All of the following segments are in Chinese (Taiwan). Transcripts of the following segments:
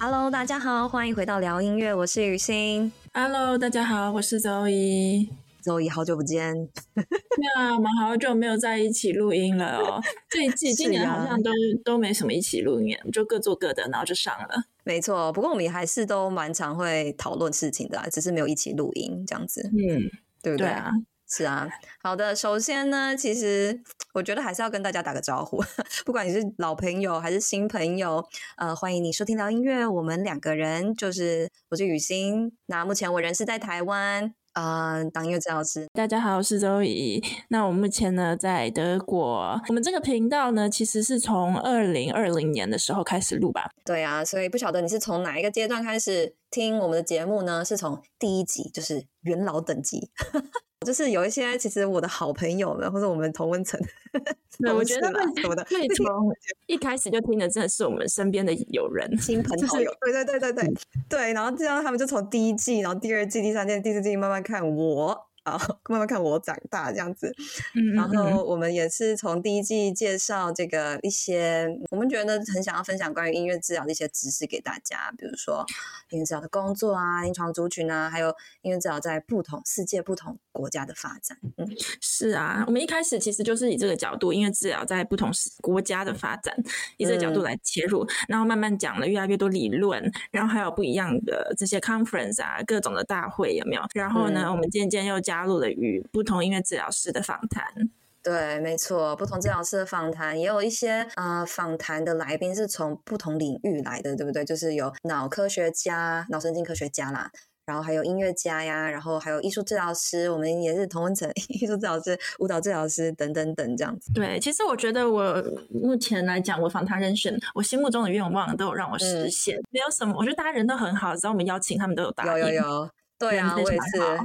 Hello，大家好，歡迎回到療音樂，我是雨欣。Hello，大家好，我是 Zoe。Zoe 好久不見。那、 yeah, 我們好久沒有在一起錄音了哦。最近今年好像都、啊、都沒什麼一起錄音，就各做各的，然後就上了。沒錯，不過我們還是都蠻常會討論事情的、啊，只是沒有一起錄音這樣子。嗯，對不對啊？對是啊，好的，首先呢，其實我覺得還是要跟大家打個招呼，不管你是老朋友還是新朋友，呃，歡迎你收聽到音樂。我們兩個人就是，我是雨欣，那目前我人是在台灣，呃，當音樂教師。大家好，我是周怡，那我目前呢在德國。我們這個頻道呢，其實是從二零二零年的時候開始錄吧。對啊，所以不曉得你是從哪一個階段開始。聽我們的節目呢，是從第一集就是元老等級， 就是有一些其實我的好朋友，們，或者我們同溫層的，哈我覺得 什麼的，對，聽，對一開始就聽的真的是我們身邊的友人、親朋好友， 對對對對對對，然後這樣他們就從第一季，然後第二季、第三季、第四季慢慢看我。 慢慢看我長大這樣子，然後我們也是從第一季介紹這個一些，我們覺得很想要分享關於音樂治療的一些知識給大家，比如說音樂治療的工作啊、臨床族群啊，還有音樂治療在不同世界不同。國家的發展，嗯，是啊，我們一開始其實就是以這個角度，音樂治療在不同國家的發展，嗯、以這個角度來切入，然後慢慢講了越來越多理論，然後還有不一樣的這些 conference 啊，各種的大會有沒有？然後呢，嗯、我們漸漸又加入了與不同音樂治療師的訪談。對，沒錯，不同治療師的訪談，也有一些啊。呃、訪談的來賓是從不同領域來的，對不對？就是有腦科學家、腦神經科學家啦。然後還有音樂家呀，然後還有藝術治療師，我們也是同溫層藝術治療師、舞蹈治療師等等等這樣子。對，其實我覺得我目前來講，我訪談人選，我心目中的願望都有讓我實現，嗯、沒有什麼。我覺得大家人都很好，只要我們邀請，他們都有答應。有有有對啊，我也是，好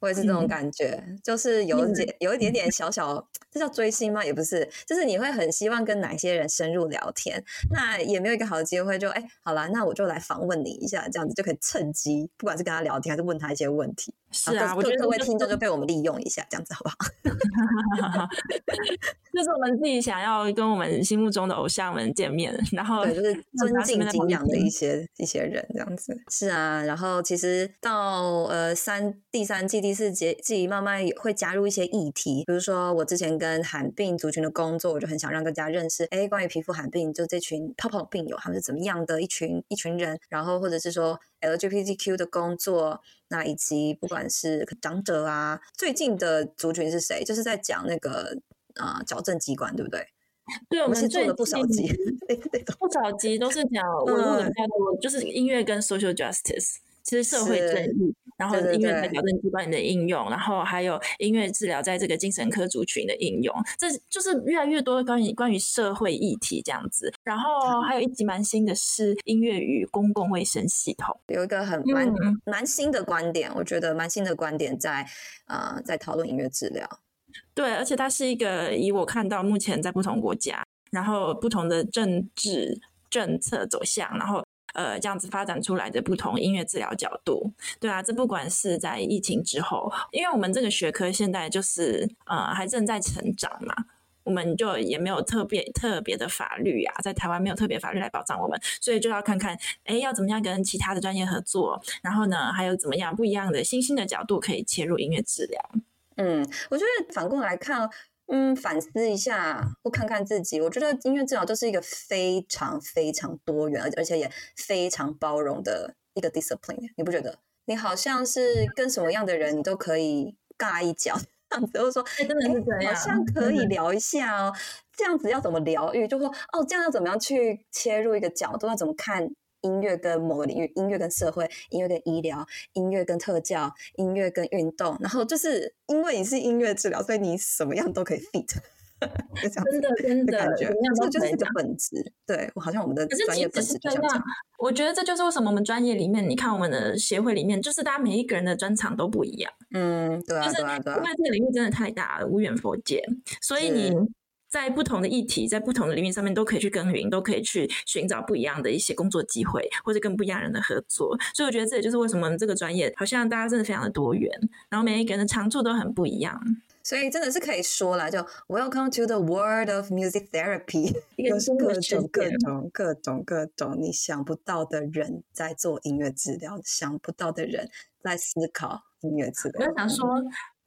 我也是這種感覺，嗯、就是有一點有一點點小小，這叫追星嗎？也不是，就是你會很希望跟哪些人深入聊天，那也沒有一個好的機會就，就、欸、哎，好啦，那我就來訪問你一下，這樣子就可以趁機，不管是跟他聊天還是問他一些問題。是啊，我覺得各位聽眾就被我們利用一下，這樣子好不好？ 就是我們自己想要跟我們心目中的偶像們見面，然後對就是尊敬、敬仰的一些一些人，這樣子。是啊，然後其實到呃三第三季第四季，自己慢慢也會加入一些議題，比如說我之前跟罕病族群的工作，我就很想讓大家認識，哎，關於皮膚罕病，就這群泡泡病友他們是怎麼樣的一群一群人，然後或者是說 LGBTQ 的工作。那以及不管是長者啊，最近的族群是誰？就是在講那個啊呃、矯正機關，對不對？對，我們是做了不少集，不少集都是講我錄的比較多，就是音樂跟 social justice。其實社會正義，是然後音樂在矯正機關的應用，對對對，然後還有音樂治療在這個精神科族群的應用，這就是越來越多關於關於社會議題這樣子。然後還有一集蠻新的是音樂與公共衛生系統，有一個很蠻、嗯、蠻新的觀點，我覺得蠻新的觀點在呃在討論音樂治療。對，而且它是一個以我看到目前在不同國家，然後不同的政治政策走向，然後。呃，這樣子發展出來的不同音樂治療角度。對啊，這不管是在疫情之後，因為我們這個學科現在就是呃還正在成長嘛，我們就也沒有特別特別的法律啊，在台灣沒有特別法律來保障我們，所以就要看看，哎、欸，要怎麼樣跟其他的專業合作，然後呢，還有怎麼樣不一樣的新興的角度可以切入音樂治療。嗯，我覺得反過來看、哦。嗯，反思一下，或看看自己。我覺得音樂治療就是一個非常非常多元，而且而且也非常包容的一個 discipline。你不覺得？你好像是跟什麼樣的人你都可以尬一腳，這樣子說，或者說真的是、欸、好像可以聊一下哦。嗯哼，這樣子要怎麼療癒？就說哦，這樣要怎麼樣去切入一個角度？要怎麼看？音樂跟某個領域，音樂跟社會，音樂跟醫療，音樂跟特教，音樂跟運動，然後就是因為你是音樂治療，所以你什麼樣都可以 fit，就這樣的感覺，真的真的，這就是一個本質。對，我好像我們的專業本質就是這樣。我覺得這就是為什麼我們專業裡面，你看我們的協會裡面，就是大家每一個人的專長都不一樣。嗯，對啊，是對啊，對啊，對啊，因為這個領域真的太大了，無遠弗屆，所以你，在不同的議題，在不同的領域上面，都可以去耕耘，都可以去尋找不一樣的一些工作機會，或者跟不一樣人的合作。所以我覺得，這也就是為什麼這個專業好像大家真的非常的多元，然後每一個人的長處都很不一樣。所以真的是可以說啦，就 Welcome to the world of music therapy，又 是各種各種，各種各種各種各種你想不到的人在做音樂治療，想不到的人在思考音樂治療。我剛剛想說，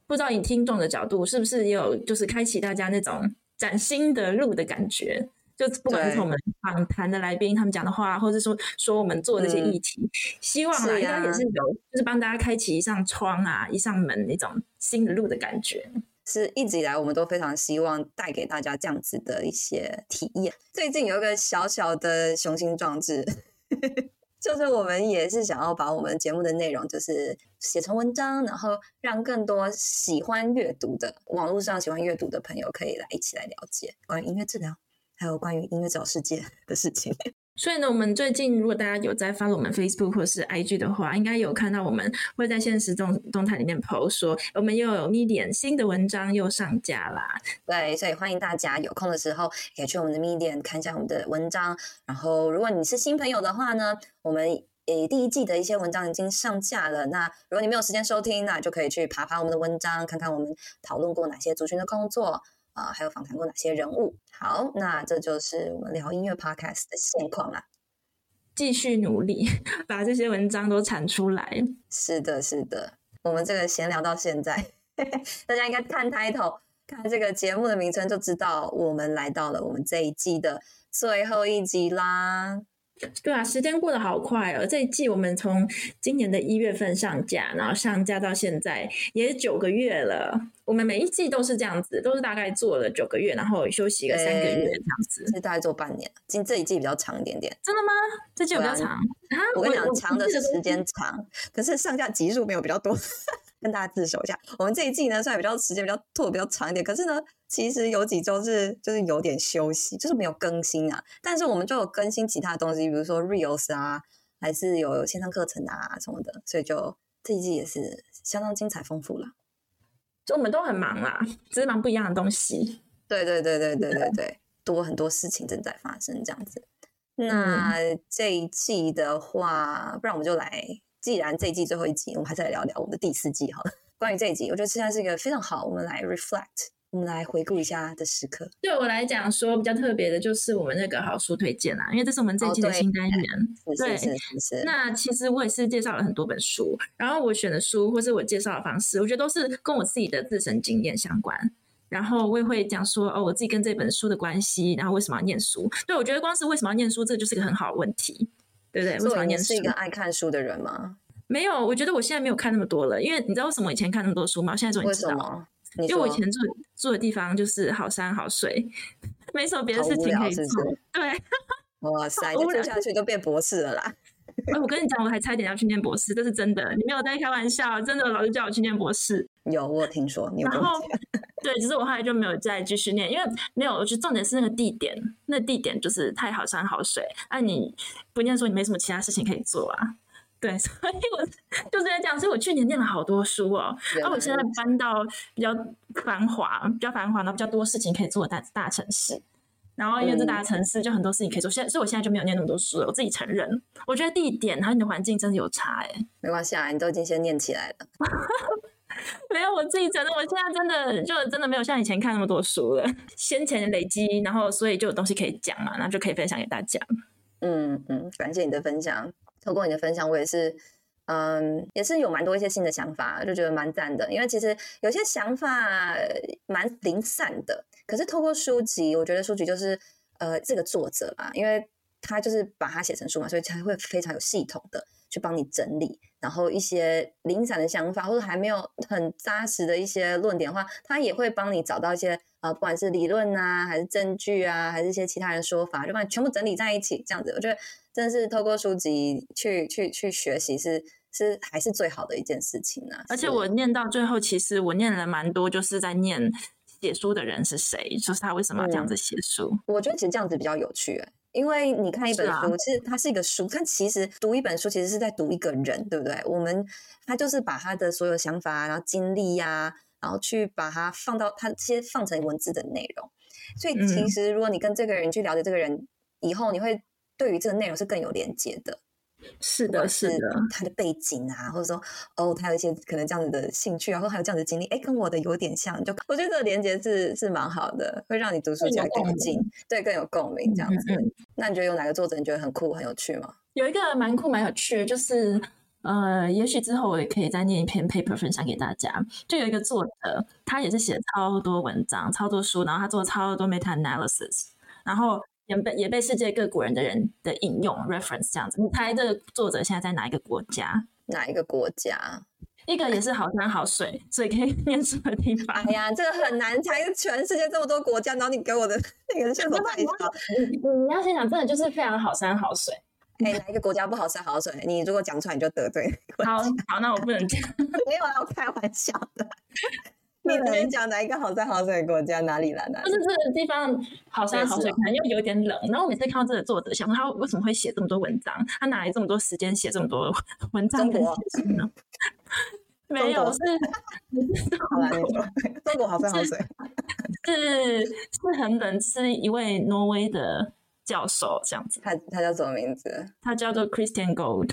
不知道以聽眾的角度，是不是也有就是開啟大家那種。嶄新的路的感覺，就不管是從我們訪談的來賓他們講的話，對或者說說我們做的這些議題，嗯、希望大家也是有，是啊、就是幫大家開啟一扇窗啊，一扇門那種新的路的感覺，是一直以來我們都非常希望帶給大家這樣子的一些體驗。最近有一個小小的雄心壯志。呵呵就是我們也是想要把我們節目的內容，就是寫成文章，然後讓更多喜歡閱讀的網絡上喜歡閱讀的朋友，可以來一起來了解關於音樂治療啊，還有關於音樂找世界的事情。所以呢，我們最近如果大家有在 follow 我們 Facebook 或是 IG 的話，應該有看到我們會在限時動態裡面 post 說，我們又有 Medium 新的文章又上架啦。對，所以歡迎大家有空的時候也可以去我們的 Medium 看一下我們的文章。然後如果你是新朋友的話呢，我們第一季的一些文章已經上架了。那如果你沒有時間收聽，那就可以去爬爬我們的文章，看看我們討論過哪些族群的工作。啊，還有訪談過哪些人物？好，那這就是我們療音樂 podcast 的現況啦。繼續努力，把這些文章都產出來。是的，是的，我們這個閒聊到現在，呵呵，大家應該看 title，看這個節目的名稱就知道，我們來到了我們這一季的最後一集啦。對啊，時間過得好快哦！這一季我們從今年的一月份上架，然後上架到現在也九個月了。我們每一季都是這樣子，都是大概做了九個月，然後休息個三個月這樣子，是大概做半年。今這一季比較長一點點。真的嗎？這季有比較長，啊、我跟你講，長的是時間長，可是上架集數沒有比較多。 跟大家自首一下，我們這一季呢，算比較時間比較拖比較長一點，可是呢，其實有幾周是就是有點休息，就是沒有更新啊。但是我們就有更新其他的東西，比如說 Reels 啊，還是有線上課程啊什麼的，所以就這一季也是相當精彩豐富了。就我們都很忙啦，啊，只是忙不一樣的東西。對對對對對對對，是的。多很多事情正在發生這樣子。那這一季的話，嗯、不然我們就來，既然這一季最後一集，我們還是來聊聊我們的第四季好了。關於這一集，我覺得現在是一個非常好，我們來 reflect。我們來回顧一下的時刻。對我來講，說比較特別的就是我們那個好書推薦啦、啊，因為這是我們最近的新單元。哦、對，那其實我也是介紹了很多本書，然後我選的書或是我介紹的方式，我覺得都是跟我自己的自身經驗相關。然後我也會講說，哦，我自己跟這本書的關係，然後為什麼要念書？對我覺得，光是為什麼要念書，這個、就是一個很好的問題，對不對？為什麼念書？你是一個愛看書的人嗎？沒有，我覺得我現在沒有看那麼多了，因為你知道為什麼我以前看那麼多書嗎？我現在終於知道。因為我以前住住的地方就是好山好水，沒什麼別的事情可以做。是是對，哇塞，你住下去都變博士了啦！哎、欸，我跟你講，我還差點要去念博士，這是真的，你沒有在開玩笑，真的，老師叫我去念博士。有，我聽說。你有有聽。然後，對，只是我後來就沒有再繼續念，因為沒有，我覺得重點是那個地點，那地點就是太好山好水，哎、啊，你不念說你沒什麼其他事情可以做啊。對，所以我就是在講，所以我去年唸了好多書哦，然後，我現在搬到比較繁華、比較繁華，然後比較多事情可以做的大大城市，然後因為這大城市就很多事情可以做，現所以我現在就沒有念那麼多書了，我自己承認。我覺得地點，然後你的環境真的有差哎，沒關係啊，你都已經先念起來了。沒有，我自己承認，我現在真的就真的沒有像以前看那麼多書了，先前累積，然後所以就有東西可以講嘛，然後就可以分享給大家。嗯嗯，感謝你的分享。透過你的分享，我也是，嗯，也是有蠻多一些新的想法，就覺得蠻讚的。因為其實有些想法蠻零散的，可是透過書籍，我覺得書籍就是，呃，這個作者吧，因為。他就是把它寫成書嘛，所以才會非常有系統的去幫你整理，然後一些零散的想法或者還沒有很紮實的一些論點的話，他也會幫你找到一些呃，不管是理論啊，還是證據啊，還是一些其他人說法，就把你全部整理在一起這樣子。我覺得，真的是透過書籍去去去，去學習是是還是最好的一件事情啊！而且我念到最後，其實我念了蠻多，就是在念寫書的人是誰，就是他為什麼要這樣子寫書。嗯，我覺得其實這樣子比較有趣欸。因為你看一本書，啊、其實它是一個書，它其實讀一本書，其實是在讀一個人，對不對？我們他就是把他的所有想法，然後經歷啊，然後去把它放到它先放成文字的內容。所以，其實如果你跟這個人去了解這個人，嗯、以後你會對於這個內容是更有連接的。是的，是的，是他的背景啊，或者說哦，他有一些可能這樣子的興趣、啊，然後還有這樣子的經歷，誒、欸，跟我的有點像，就我覺得這個連接是是蠻好的，會讓你讀書加動力，對，更有共鳴這樣子。嗯嗯，那你覺得有哪個作者你覺得很酷、很有趣嗎？有一個蠻酷、蠻有趣的，就是呃，也許之後我也可以再念一篇 paper 分享給大家。就有一個作者，他也是寫超多文章、超多書，然後他做超多 meta analysis，然後。也被也被世界各國人的人的引用 reference 這樣子，你猜這個作者現在在哪一個國家？哪一個國家？一個也是好山好水，哎、呀所以可以念什麼地方？哎呀，這個很難猜，全世界這麼多國家，然後你給我的那個線索太少。你我你、我、嗯、你要先想，真的就是非常好山好水。哎，哪一個國家不好山好水？你如果講出來，你就得罪。好好，那我不能講， 沒有、啊、我開玩笑的。你這邊講哪一個好山好水國家？哪裡的？就是這個地方好山好水，但又有點冷。哦哦、然後我每次看到這個作者，想問他為什麼會寫這麼多文章？他哪來這麼多時間寫這麼多文章寫什麼，真的國？ 沒有，是 好國， 中國好山好水， 是是很冷，是一位挪威的教授，這樣子。他他叫什麼名字？他叫做 Christian Gold。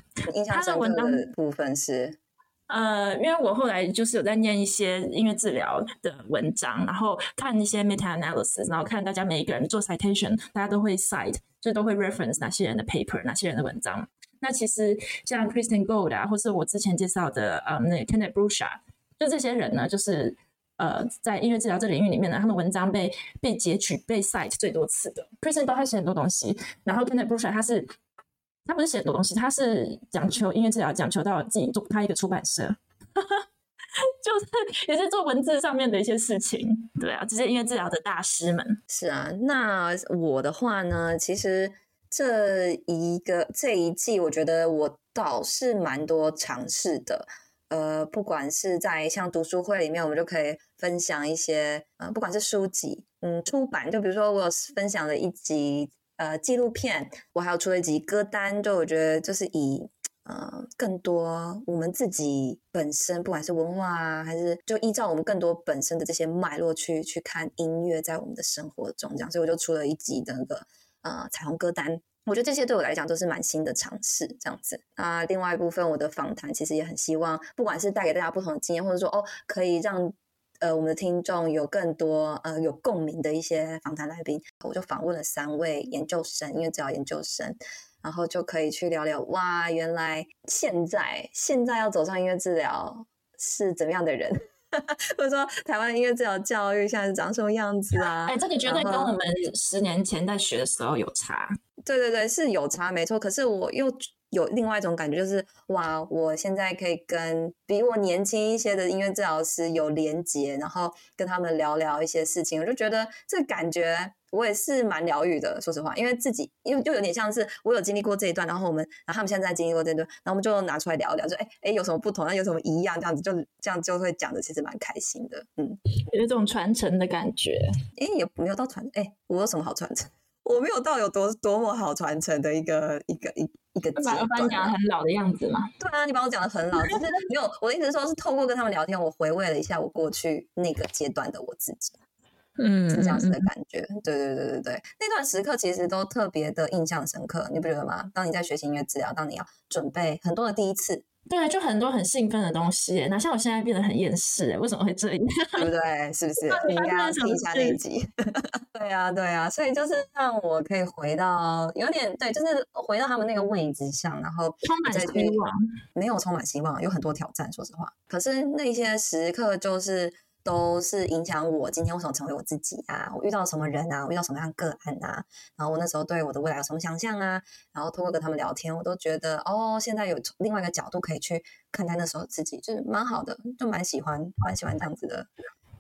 他的文章的部分是。呃，因為我後來就是有在念一些音樂治療的文章，然後看一些 meta analysis，然後看大家每一個人做 citation，大家都會 cite，就都會 reference 哪些人的 paper，哪些人的文章。那其實像 Christian Gold 啊，或是我之前介紹的呃，那 Kenneth Bruscia 啊，就這些人呢，就是呃，在音樂治療這領域裡面呢，他們文章被被截取、被 cite 最多次的。Christian 他寫很多東西，然後 Kenneth Bruscia 他是。他不是寫很多東西，他是講求音樂治療，講求到自己做他一個出版社， 就是也是做文字上面的一些事情。對啊，這些音樂治療的大師們。是啊，那我的話呢，其實這一個這一季，我覺得我倒是蠻多嘗試的。呃，不管是在像讀書會裡面，我們就可以分享一些，呃，不管是書籍，嗯，出版，就比如說我分享了一集。呃，紀錄片，我還有出了一集歌單，就我覺得就是以呃更多我們自己本身，不管是文化啊，還是就依照我們更多本身的這些脈絡去去看音樂在我們的生活中這樣，所以我就出了一集那個呃彩虹歌單。我覺得這些對我來講都是蠻新的嘗試，這樣子。那、呃、另外一部分我的訪談，其實也很希望，不管是帶給大家不同的經驗，或者說哦可以讓。呃，我們的聽眾有更多呃有共鳴的一些訪談來賓，我就訪問了三位研究生，音樂治療研究生，然後就可以去聊聊哇，原來現在現在要走上音樂治療是怎麼樣的人， 或者說台灣音樂治療教育現在是長什麼樣子啊？哎，這個絕對跟我們十年前在學的時候有差。對對對，是有差沒錯。可是我又有另外一種感覺，就是哇，我現在可以跟比我年輕一些的音樂治療師有連接，然後跟他們聊聊一些事情，我就覺得這個感覺我也是蠻療癒的。說實話，因為自己又又有點像是我有經歷過這一段，然後我們然後他們現在經歷過這一段，然後我們就拿出來聊聊，就哎哎、欸欸、有什麼不同，有什麼一樣，這樣子就這樣就會講的，其實蠻開心的。嗯，有一種傳承的感覺。哎、欸，有沒有到傳？哎、欸，我有什麼好傳承？我沒有到有多多麼好傳承的一個一個一個。一個，啊、你把我講的很老的樣子嘛。對啊，你把我講的很老，就是 沒有。我的意思是說，是透過跟他們聊天，我回味了一下我過去那個階段的我自己，嗯，是這樣子的感覺。對對對對對，那段時刻其實都特別的印象深刻，你不覺得嗎？當你在學習音樂治療，當你要準備很多的第一次。對啊，就很多很興奮的東西。那像我現在變得很厭世，為什麼會這樣？ 對不對？是不是？ 應該要聽一下這一集。 對啊，對啊，所以就是讓我可以回到，有點對，就是回到他們那個位置上，然後充滿希望，沒有充滿希望，有很多挑戰。說實話，可是那些時刻就是。都是影響我今天為什麼成為我自己啊，我遇到什麼人啊，我遇到什麼樣個案啊，然後我那時候對我的未來有什麼想象啊，然後通過跟他們聊天，我都覺得哦，現在有從另外一個角度可以去看待那時候自己，就是蠻好的，就蠻喜歡，蠻喜歡這樣子的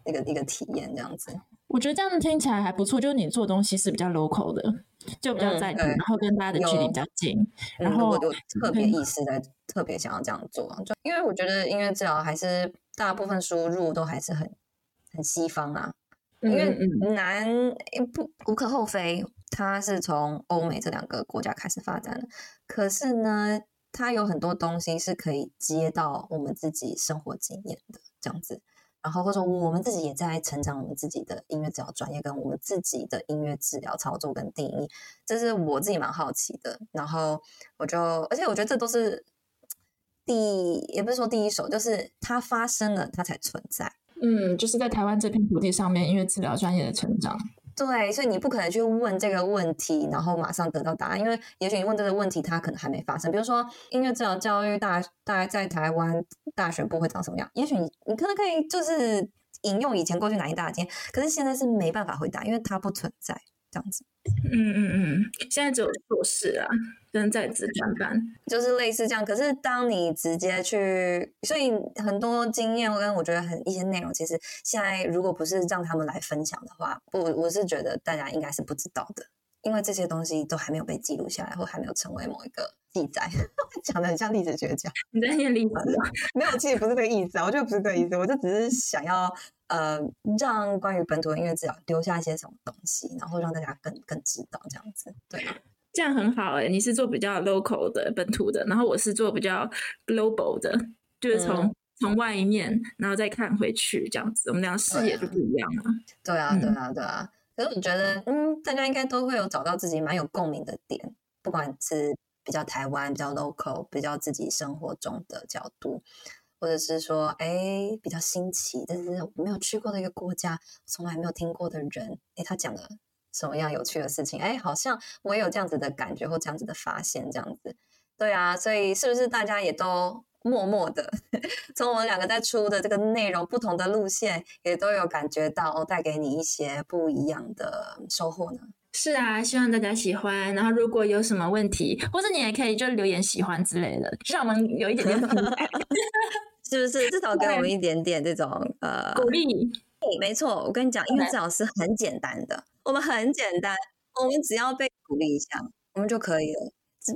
一個一個體驗，這樣子。我覺得這樣子聽起來還不錯，就是你做東西是比較 local 的，就比較在，嗯、對，然後跟大家的距離比較近，有然後我就特別意識在以特別想要這樣做，就因為我覺得音樂治療還是。大部分輸入都還是很很西方啊，因為南不無可厚非，它是從歐美這兩個國家開始發展的。可是呢，它有很多東西是可以接到我們自己生活經驗的這樣子。然後或者說，我們自己也在成長我們自己的音樂治療專業跟我們自己的音樂治療操作跟定義，這是我自己蠻好奇的。然後我就，而且我覺得這都是。第也不是說第一手，就是它發生了，它才存在。嗯，就是在台灣這片土地上面，音樂治療專業的成長。對，所以你不可能去問這個問題，然後馬上得到答案，因為也許你問這個問題，它可能還沒發生。比如說，音樂治療教育大大概在台灣大學部會長什麼樣？也許你你可能可以就是引用以前過去哪一大間，可是現在是沒辦法回答，因為它不存在。這樣子，嗯嗯嗯，現在只有做事啊，真在職專班就是類似這樣。可是當你直接去，所以很多經驗跟我覺得很一些內容，其實現在如果不是讓他們來分享的話，我我是覺得大家應該是不知道的，因為這些東西都還沒有被記錄下來，或還沒有成為某一個。記載講的很像歷史學家，你在念歷史嗎？啊嗯？沒有，其實不是這個意思啊，我就不是這個意思，我就只是想要呃，讓關於本土的音樂治療留下一些什麼東西，然後讓大家更更知道這樣子，對，啊，這樣很好哎，欸。你是做比較 local 的本土的，然後我是做比較 global 的，就是從從、嗯、外面然後再看回去這樣子，我們倆視野就不一樣了對，啊。對啊，對啊，對啊。嗯，可是我覺得，嗯，大家應該都會有找到自己蠻有共鳴的點，不管是。比較台灣，比較 local，比較自己生活中的角度，或者是說，哎、欸，比較新奇，但是我沒有去過的一個國家，從來沒有聽過的人，哎、欸，他講了什麼樣有趣的事情？哎、欸，好像我也有這樣子的感覺或這樣子的發現，這樣子，對啊，所以是不是大家也都默默的，從我們兩個在出的這個內容不同的路線，也都有感覺到帶、哦、給你一些不一樣的收穫呢？是啊，希望大家喜歡。然後如果有什麼問題，或者你也可以就留言，喜歡之類的，讓我們有一點點 是不是？至少給我們一點點這種 Okay. 呃鼓勵勵。沒錯，我跟你講，音樂治療師很簡單的，Okay. 我們很簡單，我們只要被鼓勵一下，我們就可以了。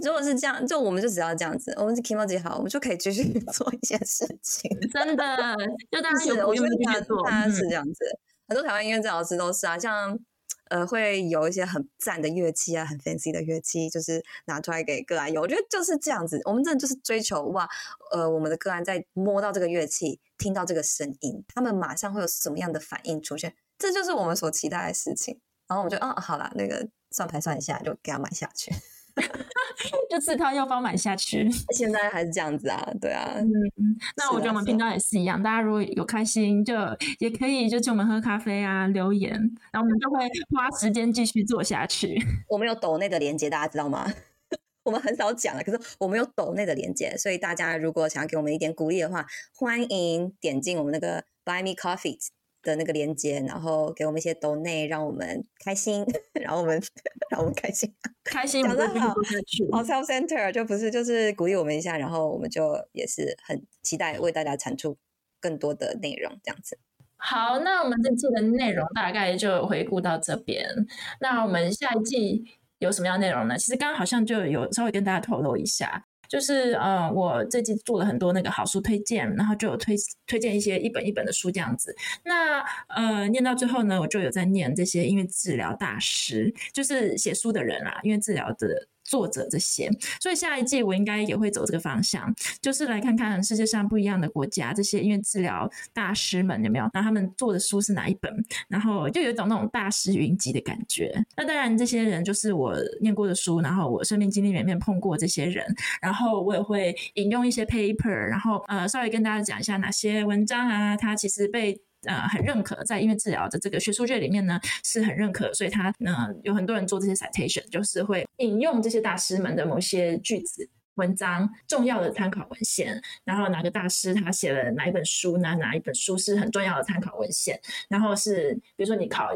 如果是這樣，就我們就只要這樣子，我們是 e a m u 好，我們就可以繼續做一些事情。 真的，就大家，我覺得他、嗯、他是這樣子，很多台灣音樂治療師都是啊，像。呃，會有一些很讚的樂器啊，很 fancy 的樂器，就是拿出來給個案。有。我覺得就是這樣子，我們真的就是追求哇，呃，我們的個案在摸到這個樂器，聽到這個聲音，他們馬上會有什麼樣的反應出現，這就是我們所期待的事情。然後我們就，哦、嗯，好啦，那個算盤算一下，就給他買下去。 就自掏腰包買下去，現在還是這樣子啊，對啊，嗯嗯。啊、那我覺得我們平常也是一樣，大家如果有開心，就也可以就請我們喝咖啡啊，留言，然後我們就會花時間繼續做下去。我們有斗內的連結，大家知道嗎？ 我們很少講了，可是我們有斗內的連結，所以大家如果想要給我們一點鼓勵的話，歡迎點進我們那個 Buy Me Coffee。的那個連接，然後給我們一些 donate，讓我們開心，然後我們讓我們開心，開心不是講的好，好 self center 就不是就是鼓勵我們一下，然後我們就也是很期待為大家產出更多的內容，這樣子。好，那我們這期的內容大概就回顧到這邊，那我們下一季有什麼樣內容呢？其實剛剛好像就有稍微跟大家透露一下。就是呃，我最近做了很多那個好書推薦，然後就有推推薦一些一本一本的書這樣子。那呃，念到最後呢，我就有在念這些音樂治療大師，就是寫書的人啊，音樂治療的。作者這些，所以下一季我應該也會走這個方向，就是來看看世界上不一樣的國家這些，音樂治療大師們有沒有？那他們做的書是哪一本？然後就有一種那種大師雲集的感覺。那當然，這些人就是我念過的書，然後我生命經歷裡面碰過這些人，然後我也會引用一些 paper，然後呃，稍微跟大家講一下哪些文章啊，它其實被。呃，很認可，在音樂治療的這個學術界裡面呢，是很認可，所以他呢有很多人做這些 citation，就是會引用這些大師們的某些句子。文章重要的參考文獻，然後哪個大師他寫了哪一本書，那哪，哪一本書是很重要的參考文獻，然後是比如說你考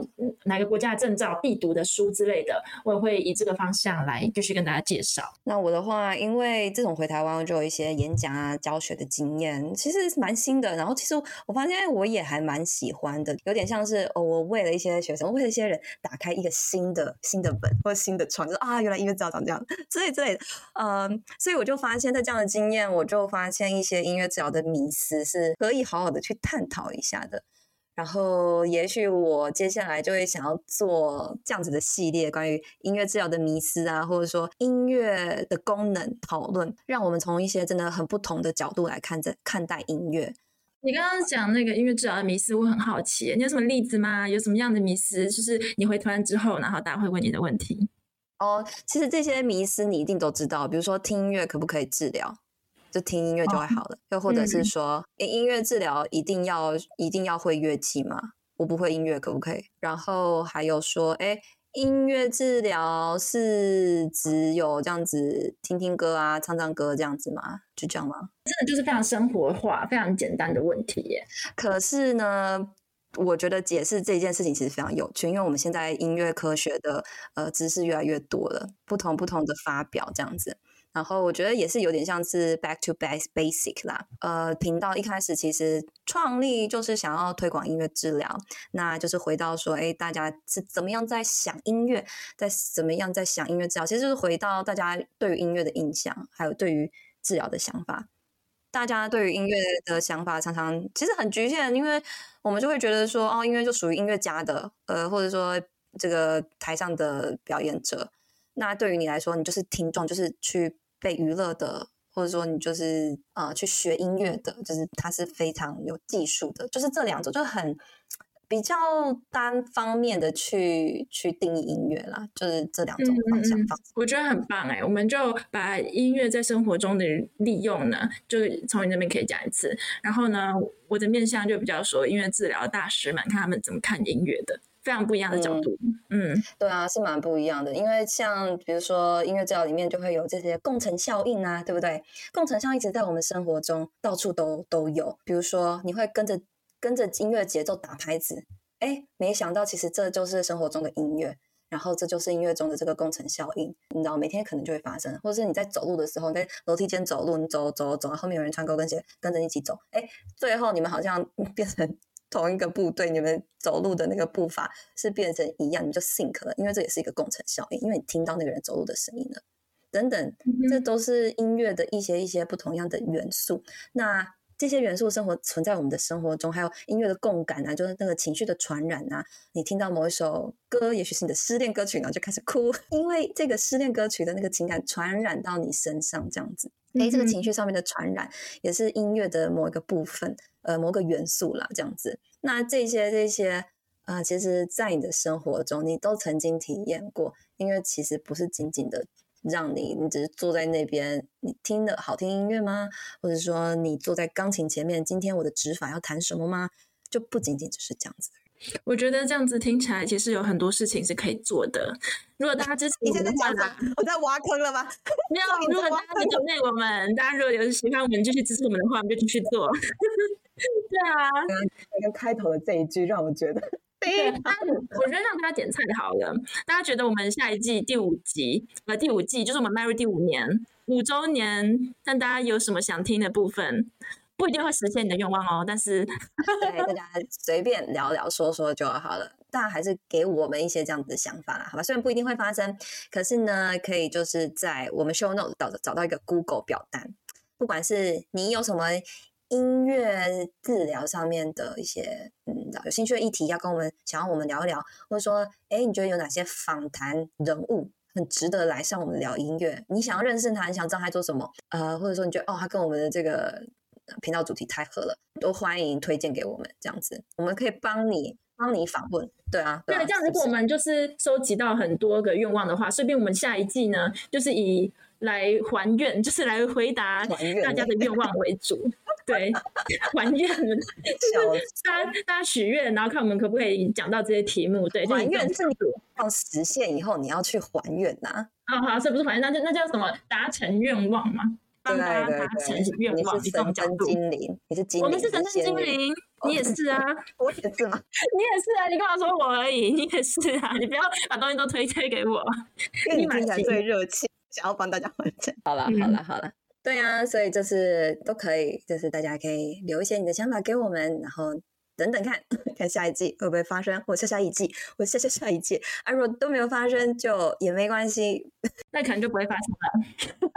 哪個國家的證照必讀的書之類的，我也會以這個方向來繼續跟大家介紹。那我的話，因為這種回台灣就有一些演講啊、教學的經驗，其實蠻新的。然後其實我發現我也還蠻喜歡的，有點像是哦，我為了一些學生，我為了一些人打開一個新的新的本，或者新的窗，就是、啊，原來音樂這長這樣，所以這以，嗯，所以。所以我就發現在這樣的經驗，我就發現一些音樂治療的迷思是可以好好的去探討一下的。然後，也許我接下來就會想要做這樣子的系列，關於音樂治療的迷思啊，或者說音樂的功能討論，讓我們從一些真的很不同的角度來看着看待音樂。你剛剛講那個音樂治療的迷思，我很好奇，你有什麼例子嗎？有什麼樣的迷思？就是你回台灣之後，然後大家會問你的問題。哦，其實這些迷思你一定都知道，比如說聽音樂可不可以治療？就聽音樂就會好了。又、哦、或者是說，嗯欸、音樂治療一定要一定要會樂器嗎？我不會音樂可不可以？然後還有說，欸、音樂治療是只有這樣子聽聽歌啊、唱唱歌這樣子嗎？就這樣嗎？真的就是非常生活化、非常簡單的問題耶。可是呢，我覺得解釋這件事情其實非常有趣，因為我們現在音樂科學的呃知識越來越多了，不同不同的發表這樣子，然後我覺得也是有點像是 back to base basic 啦，呃，頻道一開始其實創立就是想要推廣音樂治療，那就是回到說，哎、欸，大家是怎麼樣在想音樂，在怎麼樣在想音樂治療，其實就是回到大家對於音樂的印象，還有對於治療的想法。大家對於音樂的想法常常其實很局限，因為我們就會覺得說，哦，音樂就屬於音樂家的，呃，或者說這個台上的表演者。那對於你來說，你就是聽眾，就是去被娛樂的，或者說你就是啊、呃，去學音樂的，就是他是非常有技術的，就是這兩種，就很。比較單方面的去去定義音樂啦，就是這兩種方向方、嗯嗯、我覺得很棒哎、欸。我們就把音樂在生活中的利用呢，就從你那邊可以講一次。然後呢，我的面向就比較說音樂治療大師們看他們怎麼看音樂的，非常不一樣的角度。嗯，嗯對啊，是蠻不一樣的。因為像比如說音樂治療裡面就會有這些共振效應啊，對不對？共振效應一直在我們生活中到處都都有，比如說你會跟着。跟着音樂節奏打拍子，哎，沒想到其實這就是生活中的音樂，然後這就是音樂中的這個工程效應，你知道，每天可能就會發生，或者是你在走路的時候，你在樓梯間走路，你走走走，後面有人穿高跟鞋跟着你一起走，哎，最後你們好像變成同一個部隊，你們走路的那個步伐是變成一樣，你就 sync 了，因為這也是一個工程效應，因為你聽到那個人走路的聲音了，等等，這都是音樂的一些一些不同樣的元素，那。這些元素生活存在我們的生活中，還有音樂的共感啊，就是那個情緒的傳染啊。你聽到某一首歌，也許是你的失戀歌曲，然後就開始哭，因為這個失戀歌曲的那個情感傳染到你身上，這樣子。哎，這個情緒上面的傳染也是音樂的某一個部分，呃，某個元素啦，這樣子。那這些這些啊、呃，其實，在你的生活中，你都曾經體驗過，因為其實不是僅僅的。讓你，你只是坐在那邊，你聽的好聽音樂嗎？或者說，你坐在鋼琴前面，今天我的指法要彈什麼嗎？就不僅僅只是這樣子。我覺得這樣子聽起來，其實有很多事情是可以做的。如果大家支持我們的話， 你現在在挖坑，我在挖坑了嗎？沒有， 說我 如果大家準備我們，大家如果有喜歡我們，繼續支持我們的話，我們就繼續做。 對啊，跟開頭的這一句讓我覺得。 對，我覺得讓大家點菜好了。大家覺得我們下一季第五集，呃，第五季就是我們邁入第五年五週年，但大家有什麼想聽的部分？不一定會實現你的願望哦，但是 對，大家隨便聊聊說說就好了。但還是給我們一些這樣子的想法啦，好吧？雖然不一定會發生，可是呢，可以就是在我們 show note 找找到一個 Google 表單，不管是你有什麼。音樂治療上面的一些嗯，有興趣的議題，要跟我們，想要我們聊一聊，或者說，哎，你覺得有哪些訪談人物很值得來上我們療音樂？你想要認識他，你想知道他做什麼？呃，或者說你覺得哦，他跟我們的這個頻道主題太合了，都歡迎推薦給我們這樣子，我們可以幫你幫你訪問。對啊，對，這樣次如果我們就是收集到很多個願望的話，順便我們下一季呢，就是以來還願，就是來回答大家的願望為主。還願 對，還願就是大家大家許願，然後看我們可不可以講到這些題目。對，就還願，是你要實現以後，你要去還願吶？啊，哦、好啊，這不是還願，那叫那叫什麼？達成願望嘛，幫大家達成願望。對對對，你是神聖精靈，你，我你是精我們是神聖精靈，靈你也是啊？ 我寫字嗎？ 你也是啊？你跟我說我而已，你也是啊？你不要把東西都推薦給我， 因為你最熱情， 想要幫大家完成。好了、嗯，好了，好了。對啊，所以就是都可以，就是大家可以留一些你的想法給我們，然後等等看看下一季會不會發生，或下下一季，或下下下一季。而、啊、如果都沒有發生，就也沒關係，那可能就不會發生了，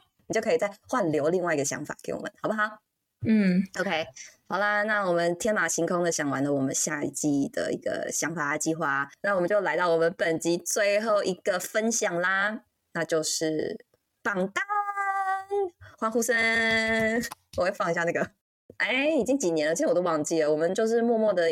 你就可以再換留另外一個想法給我們，好不好？嗯，OK，好啦，那我們天馬行空的想完了我們下一季的一個想法計劃，那我們就來到我們本集最後一個分享啦，那就是榜單。歡呼聲！我會放一下那個。哎，已經幾年了，其實我都忘記了。我們就是默默的，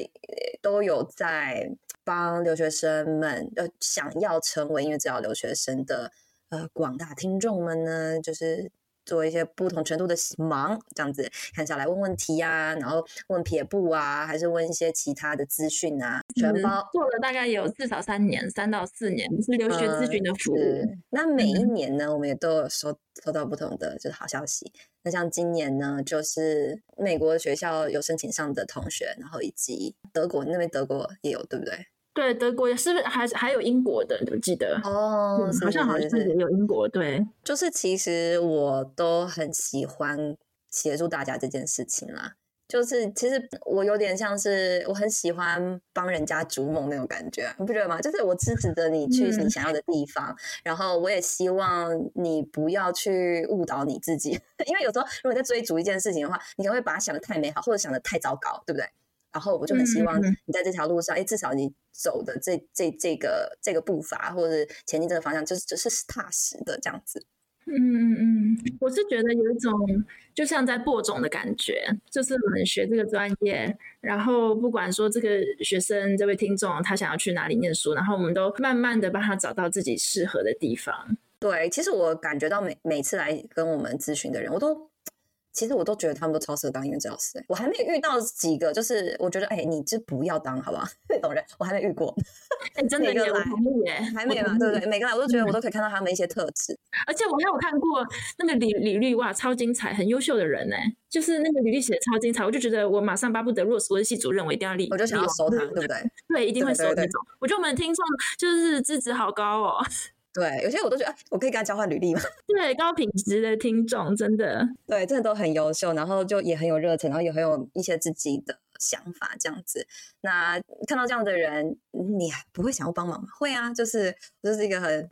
都有在幫留學生們，呃，想要成為音樂治療留學生的，呃，廣大聽眾們呢，就是。做一些不同程度的忙，這樣子看下來，問問題啊，然後問撇步啊，還是問一些其他的資訊啊，全包、嗯、做了大概也有至少三年，三到四年是留學諮詢的服務、嗯。那每一年呢，我們也都有收收到不同的就是好消息。嗯、那像今年呢，就是美國學校有申請上的同學，然後以及德國那邊德國也有，對不對？對，德國也是不是還？還還有英國的，記得哦。好像好像有英國，對，就是其實我都很喜歡協助大家這件事情啦。就是其實我有點像是我很喜歡幫人家逐夢那種感覺，你不覺得嗎？就是我支持著你去你想要的地方， 然後我也希望你不要去誤導你自己，因為有時候如果你在追逐一件事情的話，你可能會把它想得太美好，或者想得太糟糕，對不對？然後我就很希望你在這條路上，嗯哎、至少你走的這這這個這個步伐或者是前進這個方向，就是只是踏實的這樣子。嗯嗯嗯，我是覺得有一種就像在播種的感覺，就是我們學這個專業，然後不管說這個學生這位聽眾他想要去哪裡念書，然後我們都慢慢的幫他找到自己適合的地方。對，其實我感覺到每每次來跟我們諮詢的人，我都。其實我都覺得他們都超適合當音樂教師，哎，我還沒遇到幾個，就是我覺得哎、欸，你就不要當好吧那種人，我還沒遇過。哎，真的耶，我同意耶，還沒嘛，的對不對，對？每個來我都覺得、嗯、我都可以看到他們一些特質，而且我還有看過那個履履歷哇，超精彩，很優秀的人呢、欸，就是那個履歷寫得超精彩，我就覺得我馬上巴不得，如果我是系主任，我一定要立，我就想要收他，完對不對？對，一定會收他。種。我覺得我們聽眾就是資質好高哦。對，有些我都覺得，啊，我可以跟他交換履歷嘛？對，高品質的聽眾，真的，對，真的都很優秀，然後就也很有熱忱，然後也很有一些自己的想法，這樣子。那看到這樣的人，你還不會想要幫忙嗎？會啊，就是就是一個很。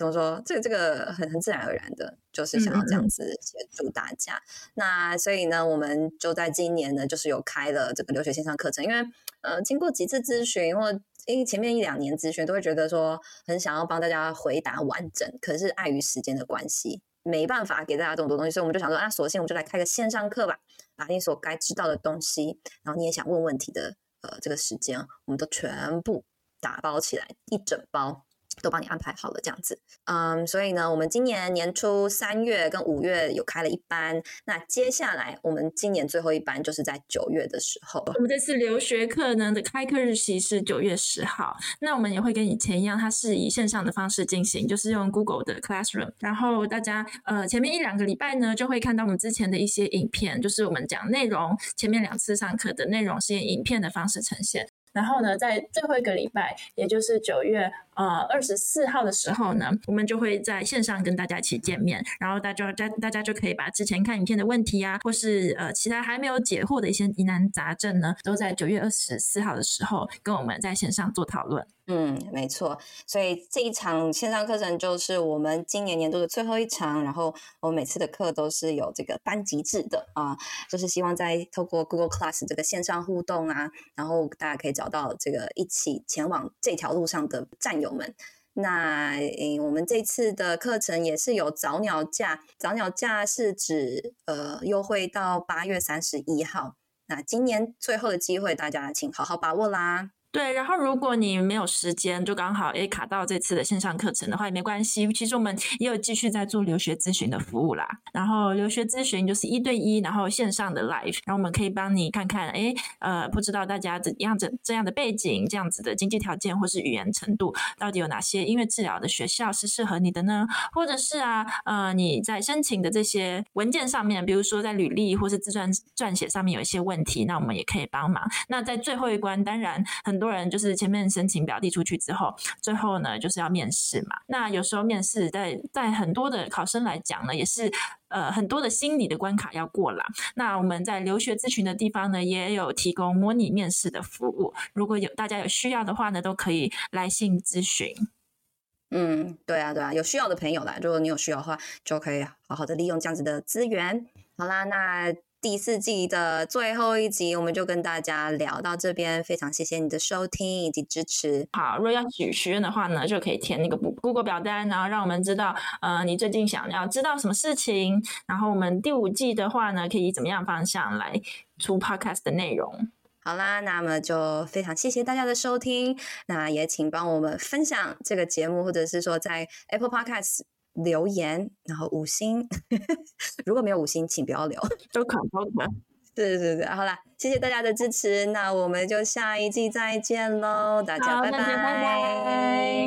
怎麼說？這這個很很自然而然的，就是想要這樣子協助大家。嗯嗯嗯。那所以呢，我們就在今年呢，就是有開了這個留學線上課程。因為呃，經過幾次諮詢，或因為前面一兩年諮詢，都會覺得說很想要幫大家回答完整，可是礙於時間的關係，沒辦法給大家這麼多東西，所以我們就想說，啊，索性我們就來開個線上課吧，把你所該知道的東西，然後你也想問問題的，呃，這個時間，我們都全部打包起來，一整包。都幫你安排好了，這樣子，嗯、um，所以呢，我們今年年初三月跟五月有開了一班，那接下來我們今年最後一班就是在九月的時候。我們這次留學課呢的開課日期是九月十號，那我們也會跟以前一樣，它是以線上的方式進行，就是用 Google 的 Classroom，然後大家呃前面一兩個禮拜呢就會看到我們之前的一些影片，就是我們講內容前面兩次上課的內容是用影片的方式呈現。然後呢，在最後一個禮拜，也就是九月呃二十四號的時候呢，我們就會在線上跟大家一起見面。然後大家大家就可以把之前看影片的問題呀、啊，或是呃其他還沒有解惑的一些疑難雜症呢，都在九月二十四號的時候跟我們在線上做討論。嗯，沒錯，所以這一場線上課程就是我們今年年度的最後一場。然後我們每次的課都是有這個班級制的啊，就是希望在透過 Google Class 這個線上互動啊，然後大家可以找到這個一起前往這條路上的戰友們。那、欸、我們這次的課程也是有早鳥價，早鳥價是指呃優惠到八月三十一號，那今年最後的機會，大家請好好把握啦。對，然後如果你沒有時間，就剛好欸卡到這次的線上課程的話也沒關係。其實我們也有繼續在做留學諮詢的服務啦。然後留學諮詢就是一對一，然後線上的 live，然後我們可以幫你看看，哎，呃，不知道大家怎樣怎這樣的背景、這樣子的經濟條件或是語言程度，到底有哪些音樂治療的學校是適合你的呢？或者是啊，呃，你在申請的這些文件上面，比如說在履歷或是自傳撰寫上面有一些問題，那我們也可以幫忙。那在最後一關，當然很。很多人就是前面申請表遞出去之後，最後呢就是要面試嘛。那有時候面試，在在很多的考生來講呢，也是呃很多的心理的關卡要過啦。那我們在留學諮詢的地方呢，也有提供模擬面試的服務。如果有大家有需要的話呢，都可以來信諮詢。嗯，對啊，對啊，有需要的朋友來，如果你有需要的話，就可以好好的利用這樣子的資源。好啦，那。第四季的最後一集，我們就跟大家聊到這邊，非常謝謝你的收聽以及支持。好，如果要許願的話呢，就可以填那個 Google 表單，然後讓我們知道，呃，你最近想要知道什麼事情，然後我們第五季的話呢，可以以怎麼樣方向來出 podcast 的內容。好啦，那麼就非常謝謝大家的收聽，那也請幫我們分享這個節目，或者是說在 Apple Podcast。留言，然後五星呵呵。如果沒有五星，請不要留。都看，都看，對對對，好啦，謝謝大家的支持，那我們就下一季再見嘍，大家拜拜。